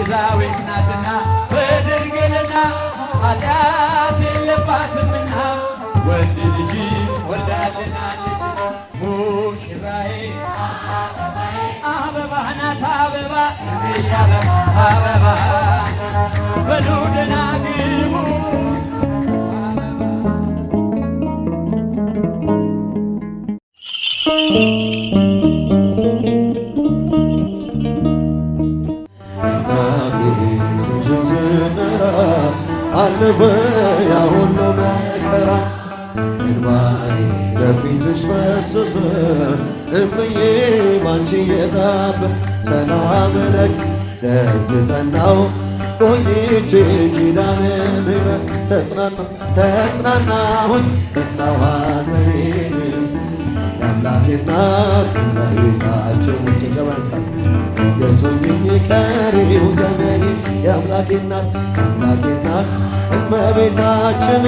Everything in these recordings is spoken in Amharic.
ቤዛዊት ናትና በድንግልና ኃጢአት የለባትምና ወንድ ልጅ ወልዳልና ልጅ ሙሽራዬ አበባ ናት አበባ አበባ በሉደና ግቡ አበባ አለፈ ያ መከራ እንባዬ በፊትሽ ፈሰሰ እምዬ ባንቺ የታበ ሰላም ለኪ ደጅ ቆይቼ ኪዳነ ምሕረት ተጽናና ተጽናናሁኝ እሳዋ ዘኔ እግዚአብሔር ናት እመቤታችን ጨጨበሳ ገሶኝኝ ቀሪው ዘመኔ የአምላኬ ናት አምላኬ ናት እመቤታችን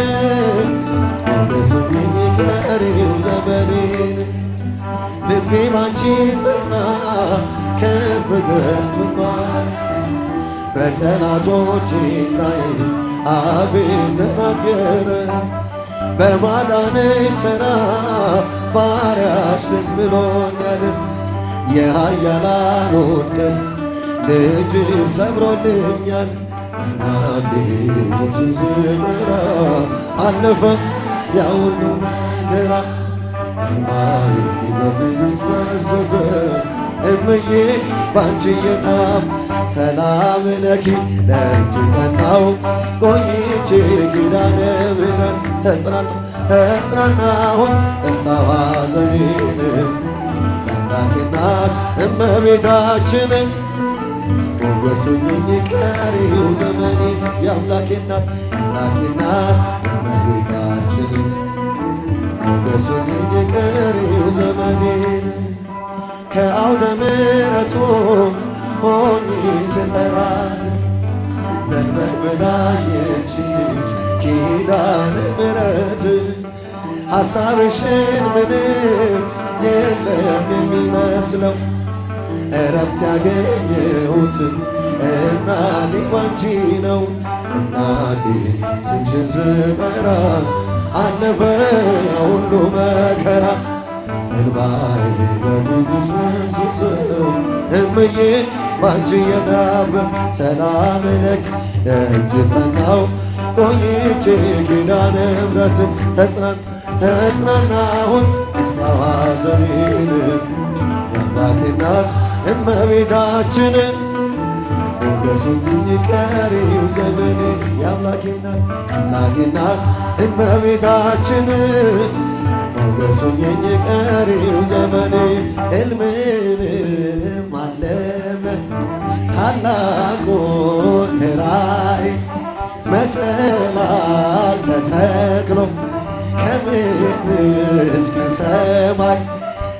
ገሶኝኝ ቀሪው ዘመኔን ልቤ ባንቺ ጽና ከፍ ከፍማ በጠላቶቼ ላይ አፌ ተናገረ በማዳንሽ ሥራ ባሪያሽ ደስ ብሎኛል። የኃያላኑ ደስታ ልጅሽ ሰብሮልኛል። እናቴ ዘችሽ መከራ አለፈ ያ መከራ እማዬ ፈሰሰ እምዬ ባንቺ ሰላም ለኪ ለእጅ ቆይቼ ኪዳነ ምሕረት ተጽናናሁን እሳባ ዘኔን እናቴናት እመቤታችን ሞገሱኝኝ ቀሪው ዘመኔ የአምላኬናት እናቴናት እመቤታችን ሞገሱኝኝ ቀሪው ዘመኔን ከአውደ ምሕረቱ ሆኜ ስጠራት ዘንበል ብላ ኪዳነ ምሕረት ሐሳብሽን ምንም የለም የሚመስለው እረፍት ያገኘሁት እናቴ ባንቺ ነው። እናቴ ስምሽን ስጠራ አለፈ ሁሉ መከራ እንባዬ በፊትሽ ሲስው እምዬ ባንቺ የታበር ሰላም ለኪ ደጅ ፈናው ቆይቼ ኪዳነ ምሕረት ተጽናን ተጽናናሁን ይሳዋ አምላኬናት እመቤታችን ሞገሱኝ ቀሪው ዘመን የአምላኬ እናት እመቤታችን ሞገሱኝ ቀሪው ዘመን እልምንም ማለመ ታላቁን ራእይ መሰላል ተተክሎ ከምድር እስከ ሰማይ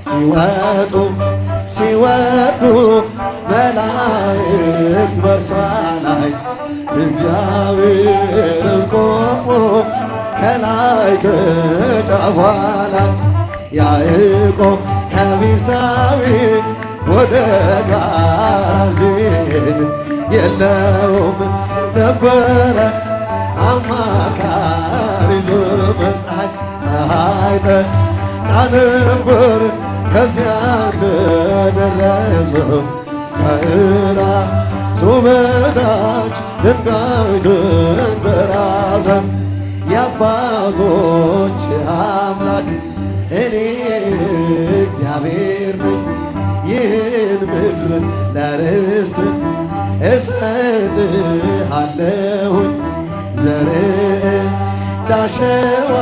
ሲወጡ ሲወርዱ መላእክት በእርሷ ላይ እግዚአብሔር ቆሞ ከላይ ከጫፏ ላይ ያዕቆብ ከቤርሳቤ ወደ ጋራዜን የለውም ነበረ አማካ አይተ ቃንብር ከዚያ ምደረሰው ከእራ ሱመታች ድንጋዩን ተራሰ የአባቶች አምላክ እኔ እግዚአብሔር ነኝ ይህን ምድር ለርስት እሰጥሃለሁኝ ዘርእ እንዳሸዋ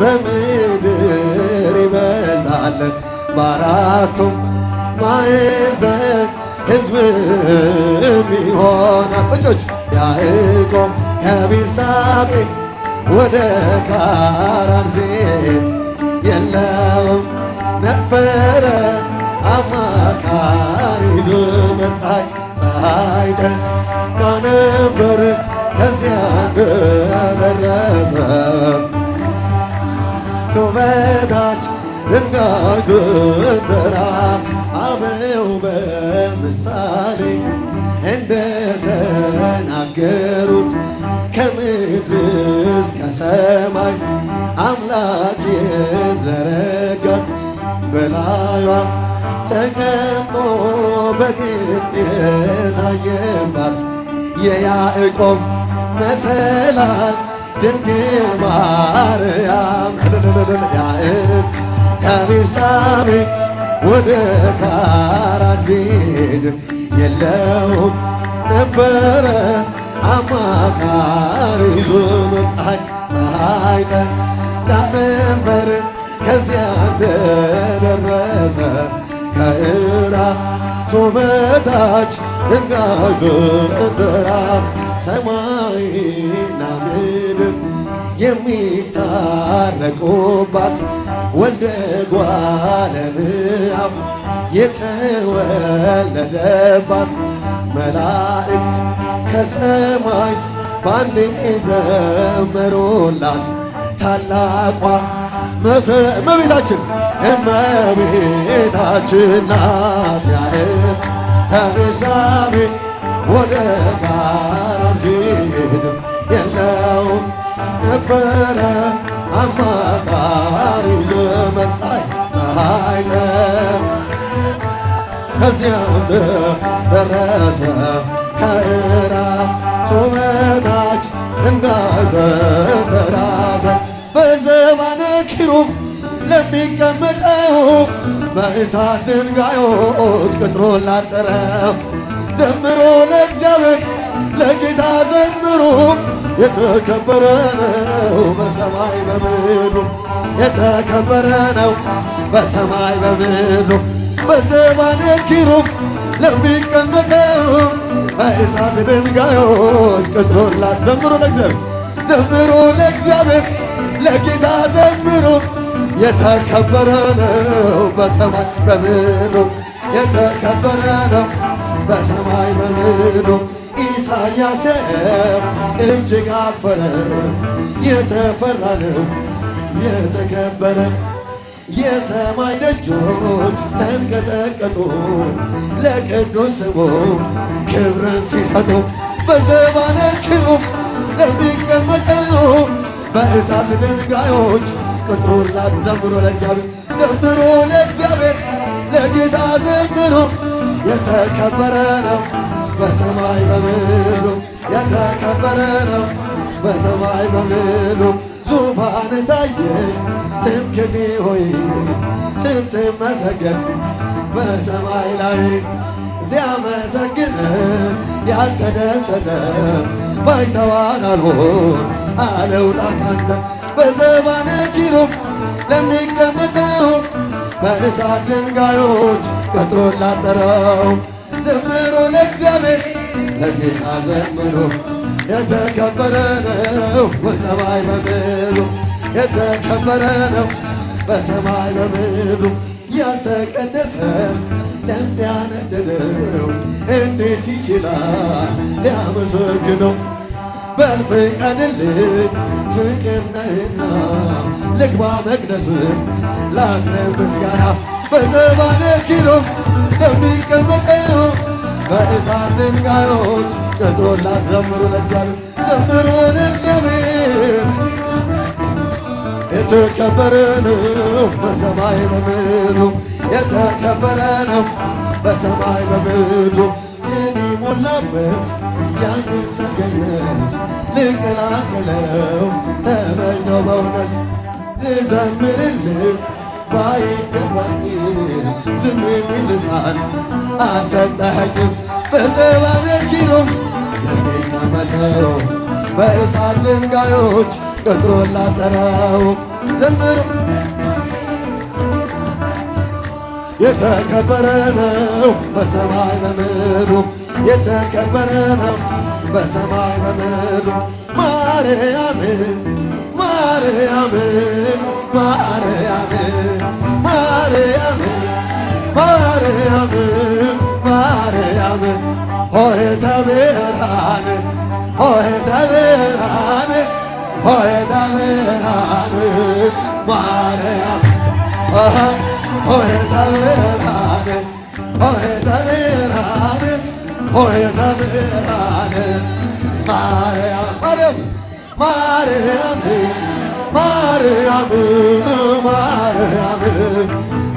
በምድር ይበዛለን በአራቱም ማዕዘን ሕዝብም ይሆናል። እጆች ያዕቆብ ከቤርሳቤ ወደ ካራን ሲሄድ የለውም ነበረ አማካሪ ዘመን ፀሐይ ፀሐይ ደንቃ ነበር ከዚያ ደረሰ ሰው በታች እንዳግቱን በራስ አበው በምሳሌ እንደተናገሩት ከምድር እስከ ሰማይ አምላክ የዘረጋት በላዩ ተቀምጦ በግልጥ የታየባት የያዕቆብ መሰላል ድንግል ማርያም ያዕብ ከቤርሳቤ ወደ ካራን የለውም ነበረ አማካሪ ዙምር ፀሐይ ፀሐይ ጠልታ ነበር ከዚያ እንደደረሰ ከእራሱ በታች ድንጋይ ሰማይ ሰማይና የሚታረቁባት ወልደ እጓለ እመሕያው የተወለደባት መላእክት ከሰማይ ባንዴ ዘመሩላት ታላቋ እመቤታችን እመቤታችን ናት። ያዕቆብ ወደ ጋራር ሲሄድ የለው ነበረ አማካሪ ዘመን ሳይ ፀሐይ ቀን ከዚያም ደረሰ ከእራቱ በታች እንዳይተንተራሰ በዘማነ ኪሩብ ለሚቀመጠው በእሳት ድንጋዮች ቅጥሮ ላጠረው ዘምሮ ለእግዚአብሔር ለጌታ ዘምሩ የተከበረ ነው በሰማይ በምድሩ የተከበረ ነው በሰማይ በምድሩ በዘባነ ኪሩብ ለሚቀመጠው በእሳት ድንጋዮች ቅጥሮላት ዘምሩ ለእግዚአብሔር ዘምሩ ለእግዚአብሔር ለጌታ ዘምሩ የተከበረ ነው በሰማይ በምድሩ የተከበረ ነው በሰማይ በምድሩ ኢሳያስ እጅግ አፈረ። የተፈራ ነው የተከበረ። የሰማይ ደጆች ተንቀጠቀጡ ለቅዱስ ስሙ ክብርን ሲሰጡ በዘባነ ኪሩብ ለሚቀመጠው በእሳት ድንጋዮች ቅጥሩን ዘምሮ ለእግዚአብሔር ዘምሮ ለእግዚአብሔር ለጌታ ዘምሮ የተከበረ ነው በሰማይ በምድሩ የተከበረ ነው። በሰማይ በምድሩ ዙፋን ታየ ትምክህቴ ሆይ ስትመሰገን በሰማይ ላይ ሲያመሰግን ያልተደሰተ ባይተዋር አልሆን አለው ላካንተ በዘባነ ኪሩብ ለሚቀመጠው በእሳት ድንጋዮች ቀጥሮ ላጠረው ዘምሮ ለእግዚአብሔር ለጌታ ዘምሮ የተከበረ ነው በሰማይ በምሉ የተከበረ ነው በሰማይ በምሉ ያልተቀደሰ ለዚያ ነደደው እንዴት ይችላል ሊያመሰግነው በል ፍቀድልኝ ፍቅር ነህና ልግባ መቅደስ ላቅርብ ምስጋና በዘባነ ኪሮም ከሚቀመጠው በእሳት ድንጋዮች ገዶላት ዘምሩ ለእግዚአብሔር ዘምሩ ለእግዚአብሔር የተከበረ ነው በሰማይ በምድሩ የተከበረ ነው በሰማይ በምድሩ ግን ሞላበት ያንሰገነት ልቀላቀለው ተመኘው በእውነት ልዘምርልህ ባይገባኝ ዝም የሚል ልሳን አልሰጠኸኝም። በዘባነ በእሳት ድንጋዮች ቅጥሮ ላጠረው ዘምር የተከበረ ነው በሰማይ በምድሩ የተከበረ ነው በሰማይ በምድሩ ማርያም ማርያም ማርያም ማርያም ማርያም ማርያም ሆይ ተቤራን ሆይ ተቤራን ሆይ ተቤራን ማርያም ሆይ ተቤራን ሆይ ተቤራን ሆይ ተቤራን ማርያም ማርያም ማርያም Arayalım, arayalım,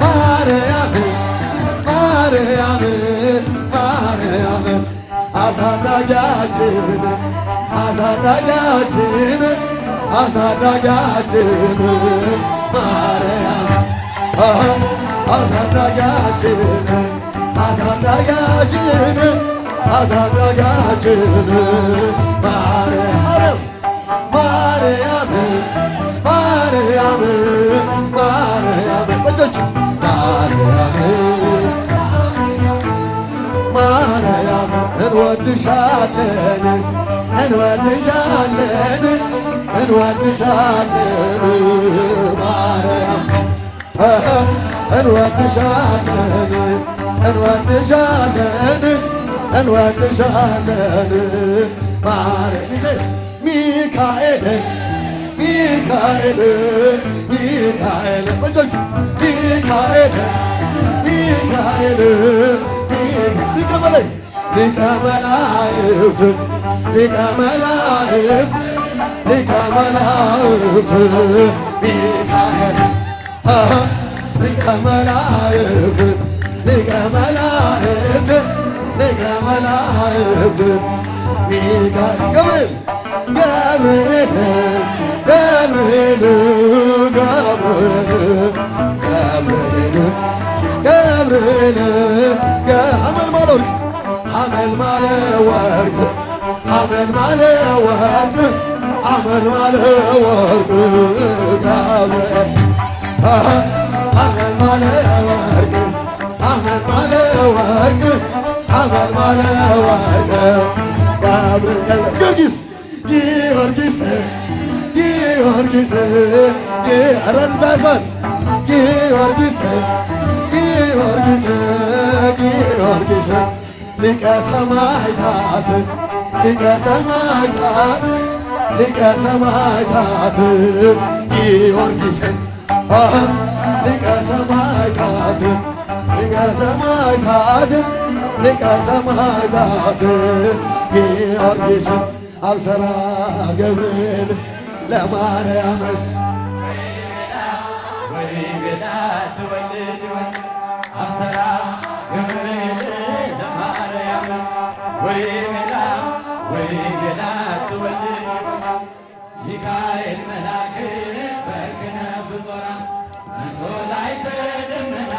arayalım, arayalım, arayalım. Azanda gacını, azanda gacını, azanda gacını, arayalım. Aha, azanda gacını, azanda gacını, azanda gacını, arayalım. እንወድሻለን እንወድሻለን እንወድሻለን ማርያም እንወድሻለን እንወድሻለን እንወድሻለን ማርያም ሚካኤል ሚካኤል ሚካኤል ሚካኤል ሚካኤል ሊቀ መላእክት ሊቀ መላእክት ሊቀ መላእክት ሚካኤል ሊቀ መላእክት ሊቀ መላእክት ሊቀ መላእክት ሚካኤል ገብርኤል ገብርኤል ገብርኤል ገብርኤል ገብርኤል ገብርኤል ገብርኤል አመል ባለወርቅ عمل ماله ورد عمل ماله ورد عمل ماله ورد عمل ماله ورد عمل ماله ورد عمل ماله ورد جابريل جورجيس جورجيس جورجيس رنبازان جورجيس جورجيس جورجيس ሊቀ ሰማዕታት ሊቀ ሰማዕታት ሊቀ ሰማዕታት ጊዮርጊስ ሊቀ ሰማዕታት ሊቀ ሰማዕታት ሊቀ ሰማዕታት ጊዮርጊስ አብሰራ ገብርኤል ለማርያም አብሰራ ገብርኤል ወይ ቤላ ወይ ቤላ ትወልድ ሚካኤል መላክ በክነፍ ጾራ መቶ ላይ ተደመና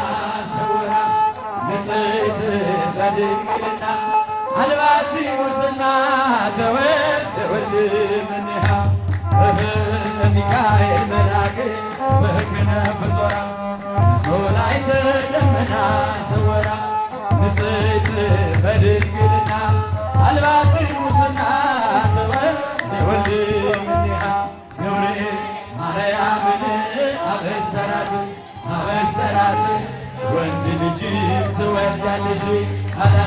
ሰውራ ንጽሕት በድንግልና አልባቲ ሙስና ተወልድ ወልድ ምንሃ ሚካኤል መላክ በክነፍ ጾራ መቶ ላይ ተደመና ሰውራ ንጽሕት በድንግልና አልባክን ሙስና ገብርኤል ማርያምን አበሰራት አበሰራት ወንድ ልጅ ትወልዳለሽ አላ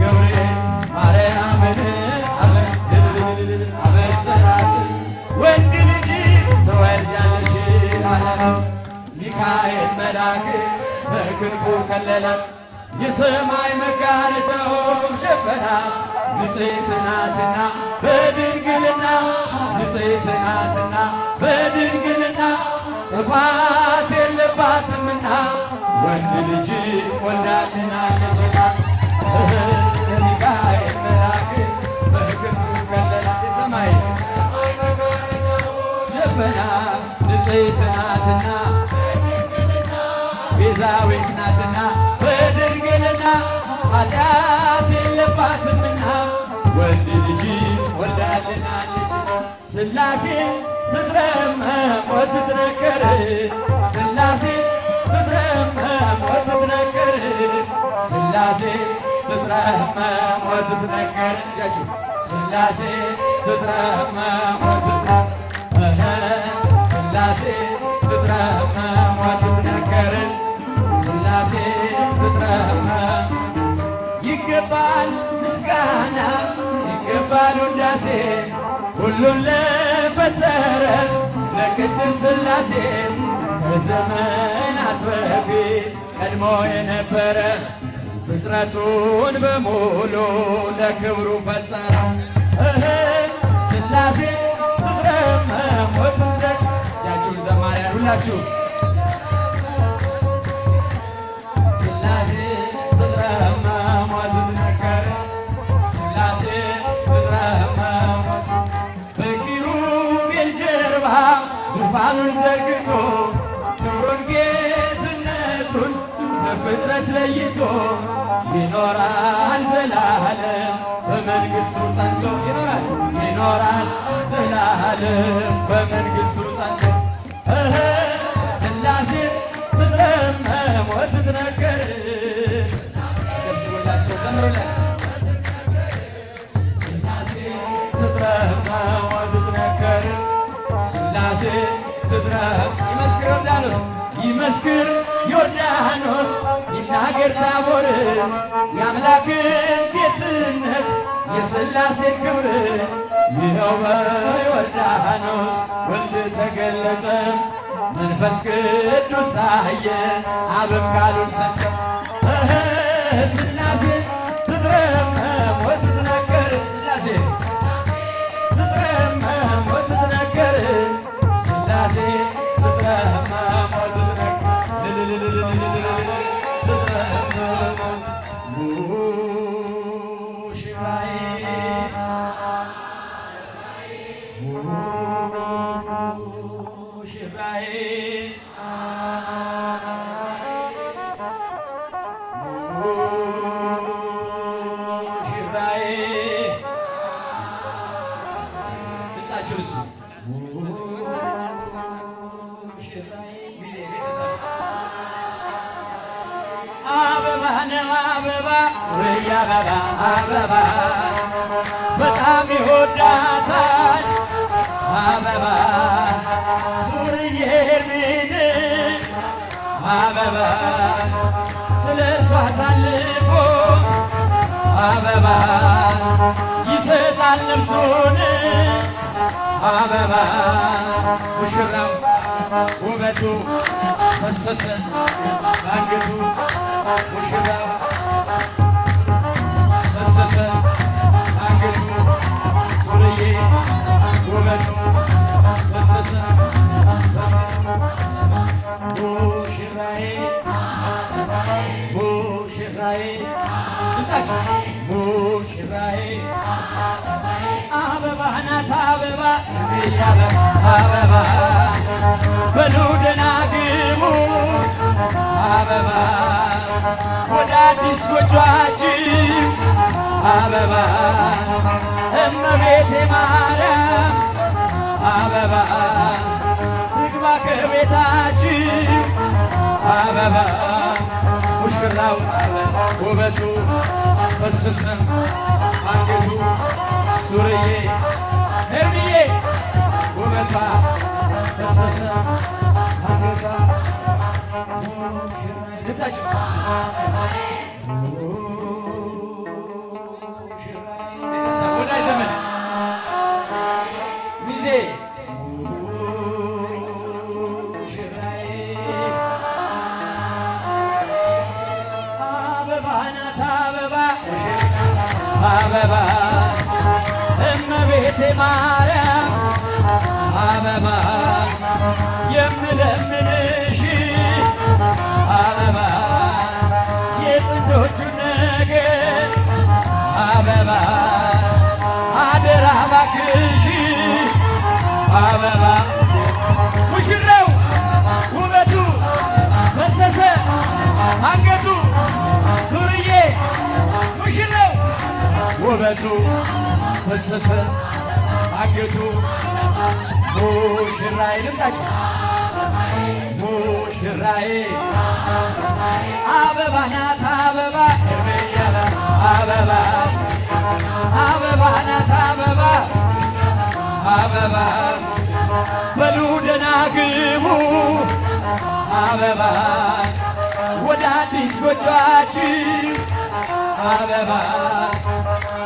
ገብርኤል ማርያምን አበሰራት ወንድ ልጅ ትወልዳለሽ አላት ሚካኤል መልአክ በክንፉ ከለላት የሰማይ መጋረጃ ሸፈና ንጽሕት ናትና በድንግልና ንጽሕት ናትና በድንግልና ጥፋት የለባትምና ወንድ ልጅ ወልዳልናለችና ሚካኤል መልአክ በክብሩ ከለላ የሰማይ ሸፈና ንጽሕት ናትና ቤዛዊ በቤት መቃብ ወንድ ልጅ ወልዳልናለች። ሥላሴ ወትትነከር ሥላሴ ትትረመም ወትትነከር ሥላሴ ትትረመም ወትትነከር እጃችሁ ሥላሴ ትትረመም ወትትነከር ሥላሴ ትትረመም ወትትነከር ሥላሴ ትትረመም ይገባል ምስጋና ይገባል ውዳሴ ሁሉን ለፈጠረ ለቅድስት ሥላሴ ከዘመናት በፊት ቀድሞ የነበረ ፍጥረቱን በሙሉ ለክብሩ ፈጠረ። ሥላሴ ትትረመወትደ እጃችሁን ዘማሪያን ሁላችሁ ተለይቶ ይኖራል ዘላለም በመንግሥቱ ጸንቶ ይኖራል ይኖራል ዘላለም በመንግሥቱ ጸንቶ ሥላሴ ትትረም ሞት ጨብጭቡላቸው ዘምሩለት ሥላሴ ትትረም ሞት ትትነገር ሥላሴ ይመስክረው ዳሉት ይመስክር ዮርዳኖስ ይናገር ታቦር የአምላክን ጌትነት የሥላሴን ክብር ይኸው በዮርዳኖስ ወልድ ተገለጸ መንፈስ ቅዱስ ታየ አብም ቃሉን ሰጠ ሥላሴ Ooh. አበባ አበባ በጣም ይወዳታል አበባ ሱርዬ አበባ ስለ እሷ አሳልፎ አበባ ይሰጣል ልብሱን አበባ ሙሽራው ውበቱ ፈሰሰ አንገቱ ሙሽራው ለበሰ አንገቱ ሶርዬ ውበቱ ፈሰሰ ሙሽራዬ ሙሽራዬ ድምፃቸው ሙሽራዬ አበባ ናት አበባ አበባ በሉ ደናግሙ አበባ ወደ አዲስ ጎጇችን አበባ እመቤቴ ማርያም አበባ ትግባ ከቤታችን አበባ ሙሽራው ውበቱ ፈስስን አንገቱ ሱርዬ እርብዬ ውበቷ ፈስሰ አንገቷ ሙሽራ ልታችሁ እመቤቴ ማርያም አበባ የምለምንሽ አበባ የጥንዶቹ ነገር አበባ አደራ እባክሽ አበባ ሙሽራው ውበቱ ፈሰሰ አንገቱ ሱርዬ ሙሽራ ውበቱ ፈሰሰ አገቱ ሙሽራዬ ልብሳቸው ሙሽራዬ አበባ ናት አበባ አበባ አበባ ናት አበባ አበባ በሉ አበባ ወደ አዲስ ጎጇችን አበባ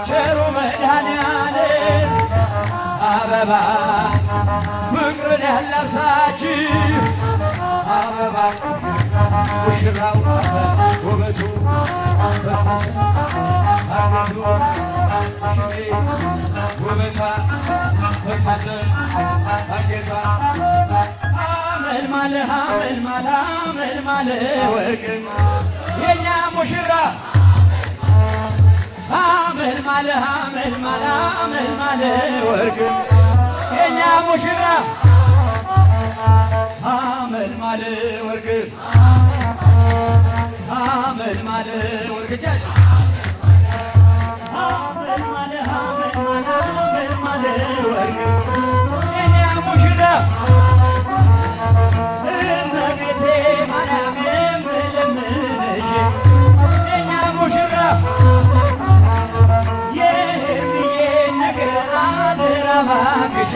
ቸሩ መድኃኔዓለም አበባ ፍቅርን ያላብሳችሁ አበባ ሙሽራው ውበቱ ፈሰሰ አገዱ ሽቤት ውበቷ ፈሰሰ አጌቷ አመልማለ አመልማለ አመልማለ ወርቅ የእኛ ሙሽራ አመል ማለ አመል ማለ አመል ማለ ወርቅ የኛ ሙሽራ አመል ማለ ወርቅ አመል ማለ ወርቅ አመል ማለ አመል ማለ አመል የኛ ሙሽራ እባክሽ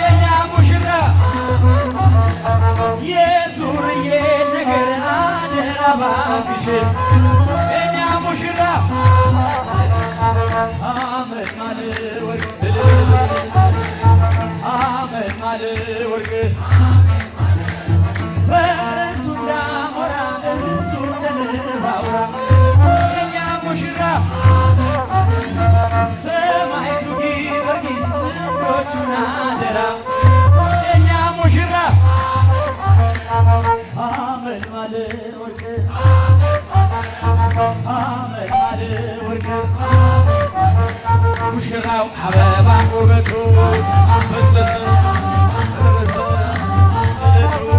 የኛ ሙሽራ የሱርዬ ነገር አደራ እባክሽ የኛ ሙሽራ አመድ ማልር ወርቅ አመድ ማልር ወርቅ ፈረሱ እንዳሞራ እሱ እንደንባውራ የኛ ሙሽራ ሰማይቱ ሙሽሮቹን አደራ የእኛ ሙሽራ አመድ ማለ ወርቅ አመድ ማለ ወርቅ ሙሽራው አበባ ውበቱ ስለቱ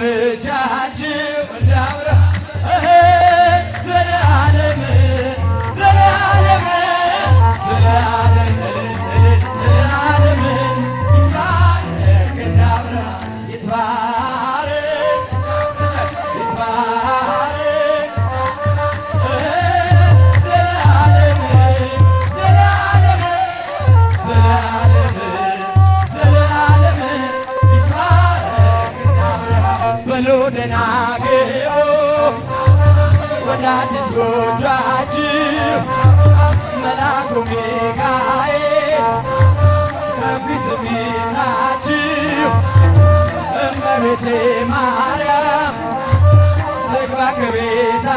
ብቻችን እንዳምራ ዘላለም ዘላለም አስጎዳችሁ መላኩ ሚካኤል ከፊት ሚናችሁ እመቤቴ ማርያም ዝግባ ከቤታ